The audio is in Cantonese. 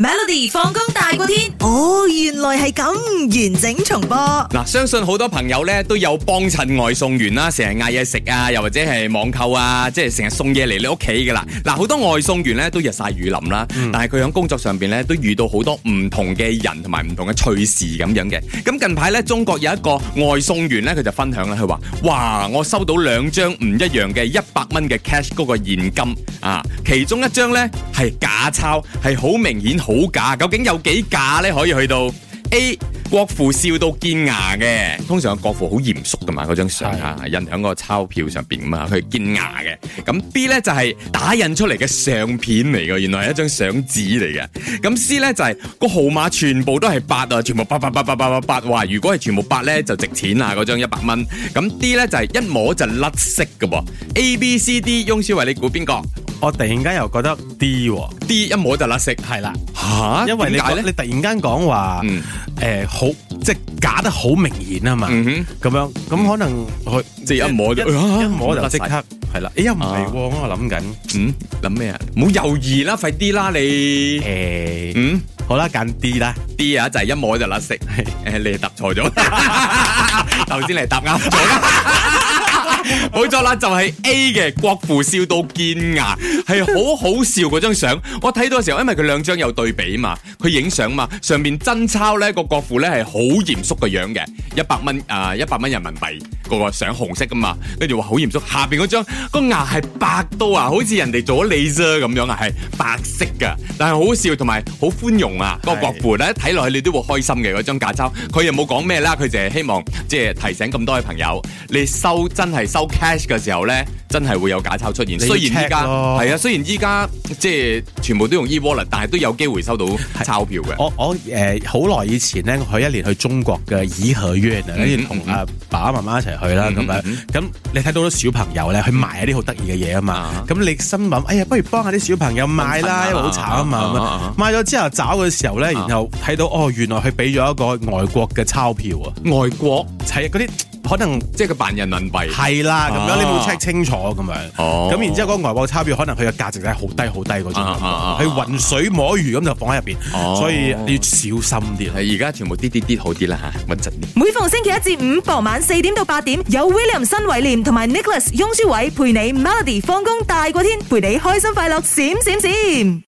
Melody 放工大過天，哦，oh, 原來係咁，完整重播。嗱，相信好多朋友咧都有幫襯外送員啦，成日嗌嘢食啊，又或者係網購啊，即係成日送嘢嚟你屋企噶啦。嗱，好多外送員咧都日晒雨淋啦，mm. 但係佢喺工作上邊咧都遇到好多唔同嘅人同埋唔同嘅趣事咁樣嘅。咁近排咧，中國有一個外送員咧，佢就分享啦，佢話：哇，我收到兩張唔一樣嘅一百蚊嘅 cash 嗰個現金啊，其中一張咧係假鈔，係好明顯。好假，究竟有幾假咧？可以去到 A，國父笑到見牙嘅，通常個國父好嚴肅噶嘛，嗰張相啊印喺個鈔票上邊嘛，佢的見牙嘅。咁 B 咧就係、是、打印出嚟嘅相片嚟嘅，原來係一張相紙嚟嘅。咁 C 咧就係、是、個號碼全部都係八啊，全部八八八八八八八，哇！如果係全部八咧就值錢啊，嗰張一百蚊。咁 D 咧就係、是、一摸就甩色噃，ABCD，翁小為你估邊個？我突然間又覺得 D，D 一摸就甩色，係啦。吓，因為你呢，你突然間講話，誒，好，即係假得好明顯啊嘛。咁樣，咁可能佢即係一摸就一摸就即刻係啦。哎呀唔係，我諗緊，嗯，諗咩啊？唔好猶豫啦，快啲啦你。誒，嗯，好啦，揀 D 啦，D 啊就係一摸就甩色。誒，你答錯咗，頭先嚟答啱咗。冇錯 啦，就係、是、A 嘅國父笑到見牙，係好好笑嗰張相。我睇到嘅時候，因為佢兩張有對比啊嘛。佢影相嘛，上面真鈔呢、呢個國父呢係好嚴肅嘅樣嘅，一百蚊啊一百蚊人民幣個個上紅色噶嘛，跟住話好嚴肅。下邊嗰張個牙係白到啊，好似人哋做咗 lays 啊咁樣啊，係白色噶，但係好笑同埋好寬容啊個國父呢睇落去你都會開心嘅嗰張假鈔，佢又冇講咩啦，佢就係希望即係提醒咁多位朋友，你收真係收 cash 嘅時候呢。真係會有假鈔出現，雖然依家係啊，雖然依家即係全部都用 e-wallet 但係都有機會收到鈔票嘅。我我誒好耐以前咧，我一年去中國嘅頤和園，跟住同啊爸爸媽媽一齊去啦咁樣。咁你睇到啲小朋友咧去賣一啲好得意嘅嘢啊嘛。咁你心諗，哎呀，不如幫下啲小朋友買啦，因為好慘啊嘛。買咗之後找嘅時候咧，然後睇到哦，原來佢俾咗一個外國嘅鈔票啊，外國係嗰啲。可能即係佢辦人民幣，係啦咁、啊、樣，啊、你冇 check 清楚咁、啊、樣，咁、啊、然之後嗰個外幣鈔票可能佢嘅價值係好低好低嗰種，係渾、啊、水摸魚咁就放喺入邊，啊、所以你要小心啲。而家、啊、全部跌跌跌好啲啦吓，穩陣啲。每逢星期一至五傍晚四點到八點，有 William 新偉廉同埋 Nicholas 雍舒偉陪你 Melody 放工大過天，陪你開心快樂閃閃閃。閃閃閃閃